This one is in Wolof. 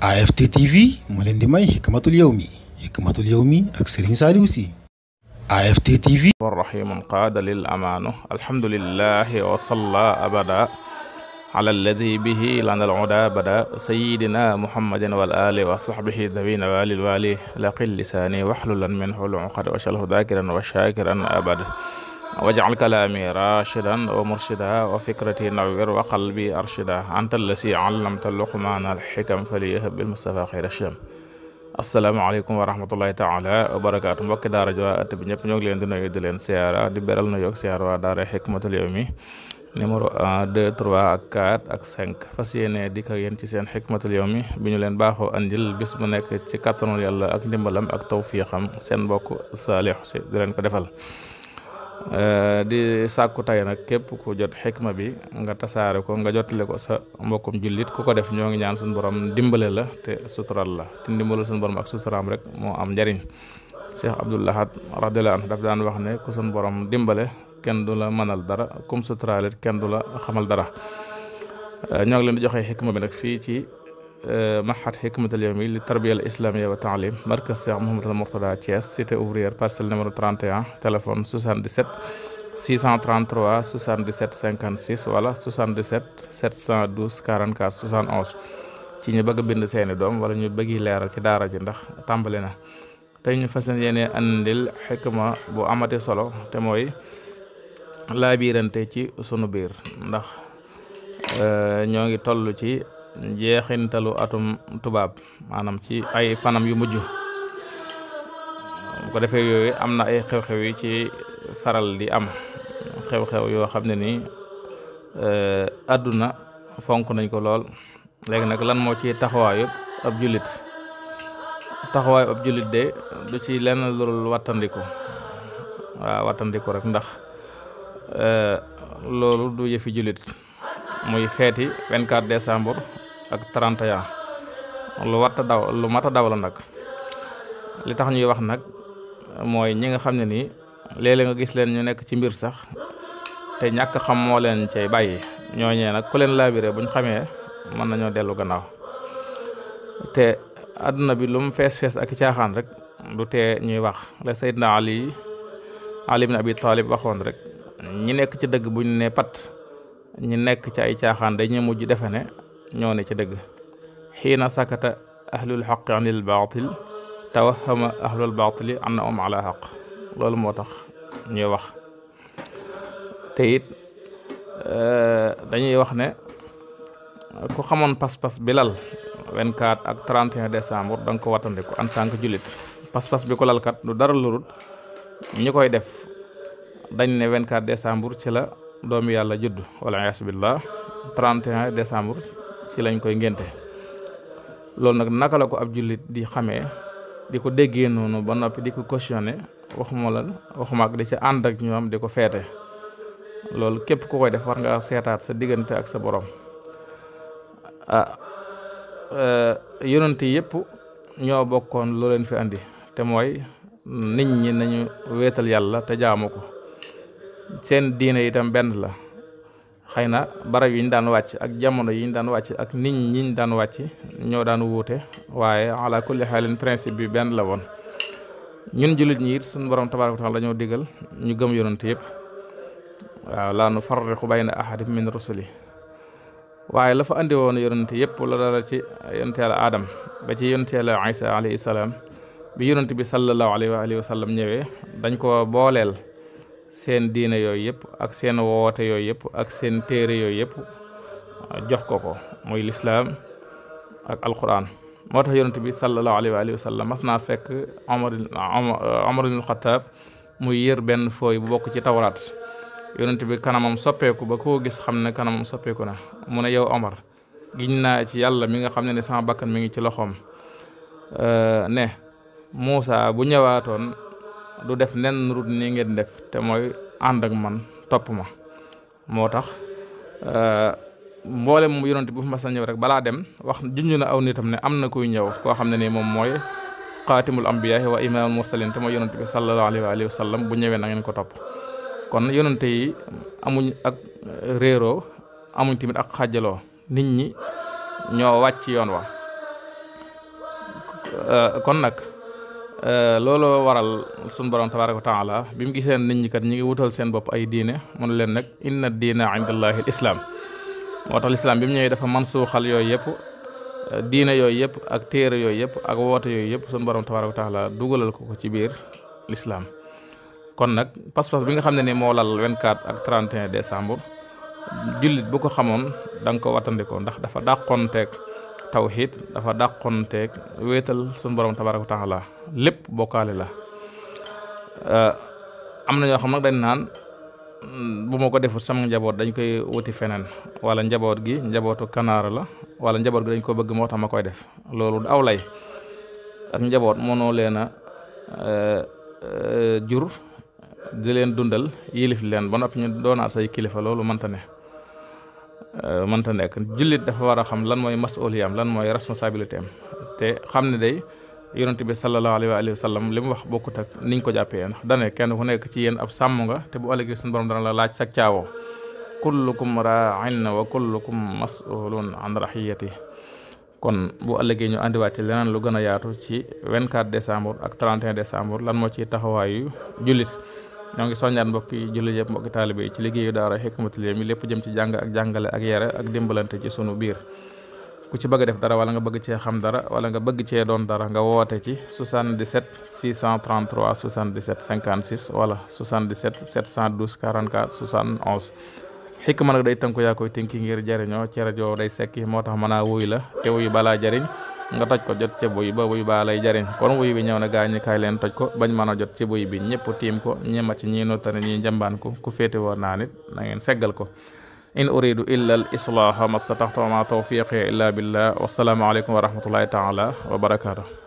AFT TV moo leen di may xikmatul yawmi xikmatul yawmi ak Serigne Saliou Sy AFT TV warrahimun qaada lil amaanu alhamdulillahi wa salla abada ala alladi bihi lana al uda bada sayidina muhammadin wal ali wa sahbihi dawina walil wali laqil lisaani waxlulan min xulu uqad wa shalhu dakiran wa shakiran abada wajal kalaami rashidan wa murshida wa fikrati nawwir wa qalbi arshida anta allasi allamta luqmaana alxikam faliyah bil mustafa xayra sham asalaamaaleykum wa rahmatullahi taala wa barakaatu mbokki daara ji waa ëtt bi ñëpp ñoo ngi leen di nuyu di leen siyaara di beral nu yoog siyaar waa daara xikmatul yawmi numéro 1 2 3 ak 4 ak 5 fas yéene di ak yéen ci seen xikmatul yawmi bi ñu leen baaxoo andil bis bu nekk ci kattanul yàlla ak ndimbalam ak tawfiixam seen mbokk saalix si di leen ko defal Eh, di sàkku tey nag képp ku jot xikma bi nga tasaare ko nga jotle ko sa mbokkum jullit ku ko def ñoo ngi ñaan suñ borom dimbale la te sutural la te ndimbalal suñ borom ak suturaam rek moo am njariñ Cheikh Abdou Lahad radiyallahu anhu daf daan wax ne ku suñu borom dimbale kenn du la mënal dara kum suturaalit kenn du la xamal dara eh, ñoo ngi leen di joxe xikma bi nag fii ci Euh, maxat hikmatul yawmi li tarbiya al islamiyya wa taalim markaz Cheikh Mouhamadou Mourtada Thiès cité ouvrière parcelle numéro 31 téléphone 77 633 77 56 wala 77 712 44 71 ci ñu bëgg bind seeni doom wala ñu bëggi leeral ci daara ji ndax tàmbali na tey ñu fas yéene andil xikma bu amati solo te mooy laabiirante ci sunu biir ndax euh, ñoo ngi toll ci njeexintalu atum tubaab maanam ci ay panam yu mujj bu ko defee yooyu am na ay xew-xew yi ci faral di am xew-xew yoo xam ne nii àdduna eh, fonk nañ ko lool léegi nag lan moo ci taxawaayu ab julit taxawaayu ab jullit de du ci lenn loolu wattandiku waaw wattandiku rek ndax eh, loolu du yëfi jullit muy feeti 24 décembre ak 31 lu wat a daw lu mat daw la nag li tax ñuy wax nag mooy ñi nga xam ne nii léeg-léeg nga gis leen ñu nekk ci mbir sax te ñàkk xam moo leen cay bàyyi ñooñee nag ku leen laabiré bu ñu xamee mën nañoo dellu gannaaw te àdduna bi lu mu fees fees ak caaxaan rek lu tee ñuy wax la Seydina Ali Ali ibn Abi Talib waxoon rek ñi nekk ci dëgg bu nee ne pat ñi nekk ci ay caaxaan dañuy mujj defe ne ñoo ne ca dégg xiina sakata ahlul xaqi anil baatil tawahama ahlul am na um ala xaq loolu moo tax ñuy wax te it eh, dañuy wax ne ku xamoon pas-pas bi lal 24 ak 31 décembre da nga ko wattandiku en tant que jullit pas-pas bi ko lal lalkat du dara lurut ñi koy def dañ ne 24 décembre ci la doomu yàlla judd wala yaas billah 31 décembre ci lañ koy ngénte loolu nag naka la ko ab jullit di xamee di ko déggee noonu ba noppi di ko cautionné waxuma la waxuma ak di ci ànd ak ñoom di ko feete loolu képp ku koy def war nga seetaat sa diggante ak sa borom ah eh, yépp ñoo bokkoon loo leen fi andi te mooy nit ñi nañu wéetal yàlla te jaamu ko seen diine itam benn la xëy na barab yi ñu daan wàcc ak jamono yi daan wàcc ak nit ñi ñu daan wàcc ñoo daan wuute waaye ala kulli xaalin principe bi benn la woon ñun jullit ñi it suñu borom tabaaraka taala dañoo digal ñu gëm yonent yëpp waaw laa nu farriqu bayna ahadin min rusuli waaye la fa andi woon yonent yëpp la dara ci yonent yàlla aadam ba ci yonent yàlla isa alayhi salaam bi yonent bi sallallahu alayhi wa alihi wa sallam dañ koo booleel seen diine yooyu yëpp ak seen woote yooyu yëpp ak seen téere yooyu yëpp ah, jox ko ko muy lislaam ak alquran moo tax yonent bi sallallahu alayhi wa mas naa fekk Omar Omar ibnul Xataab muy yër benn fooy bokk ci tawraat yonent bi kanamam soppeeku ba koo gis xam ne kanamam soppeeku na mu ne yow Omar giñ naa ci yàlla mi nga xam ne ne sama bakkan mi ngi ci loxoom ne Muusa bu ñëwaatoon du def nen rut nii ngeen def te mooy ànd ak man topp ma moo tax euh, mboolem mu yonent bu fi mas a ñëw rek balaa dem wax junj na aw nitam ne am na kuy ñëw koo xam ne nii moom mooy xaatimul ambiyaahi wa imaamul mursalin te mooy yonent bi sallallahu alayhi wa alihi wa bu ñëwee na ngeen ko topp kon yonent yi amuñ ak réeroo amuñ tamit ak xaajaloo nit ñi ñoo wàcc yoon wa euh, kon nag Euh, looloo waral sunu borom tabaaraka wa taala bi mu gisee nit ñi kat ñi ngi wutal seen bopp ay diine mu leen nag inna diina indallahi al islaam moo tax lislaam bi mu ñëwee dafa mansuuxal yooyu yëpp euh, diine yooyu yëpp ak téere yooyu yëpp ak woote yooyu yëpp sunu borom tabaaraka wa taala dugalal ko ko ci biir lislaam kon nag pas-pas bi nga xam ne ni moo lal 24 ak 31 décembre jullit bu ko xamoon danga ko wattandikoo ndax dafa dàqoonteeg tawxiid dafa dàqonteeg wéetal suñu borom tabaaraka wa taala lépp bokkaale la am na ñoo xam nag dañ naan mm, bu ma ko defut sama njaboot dañ koy wuti feneen wala njaboot gi njabootu kanaara la wala njaboot gi dañ ko bëgg moo tax ma koy def loolu aw lay ak njaboot mënoo leen a jur di leen dundal yilif leen ba noppi ñu doonaat say kilifa loolu mënta ne Euh, mënta nekk jullit dafa war a xam lan mooy masuliyam lan mooy responsabilité am te xam ne day yonent bi sallallahu alayhi wa sallam li mu wax bokkut ak niñ ko jàppee ndax dane kenn ku nekk ci yéen ab sàmm nga te bu ëllëgee suñu borom dana la laaj sag caawoo kullukum raain wa kullukum masulun an rahiyati kon bu ëllëgee ñu àndiwaat ci leneen lu gën a yaatu ci 24 décembre ak 31 décembre lan moo ci taxawaayu jullit ñoo ngi soññaat mbokki jullit yëpp mbokki taalibe yi ci liggéeyu daara Hikmatul Yawmi lépp jëm ci jàng ak jàngale ak yare ak dimbalante ci sunu biir ku ci bëgg def dara wala nga bëgg cee xam dara wala nga bëgg cee doon dara nga woote ci 77 633 77 56 wala 77 712 44 71 xikma nag day tënku yaa koy tënki ngir jariñoo ci rajo day sekki moo tax mën a la te wuy balaa jariñ nga toj ko jot ci buy ba buy baa lay jariñ kon buy bi ñëw na gaañi kaay leen toj ko bañ mën a jot ci buy bi ñëpp tiim ko ñi macc ñi nottane ñi njambaan ko ku féete woon naa nit na seggal ko in uridu illa al islaaha mastataxtu ma tawfiqi illa billah wasalaamu aleykum wa rahmatullahi taala wa barakatuh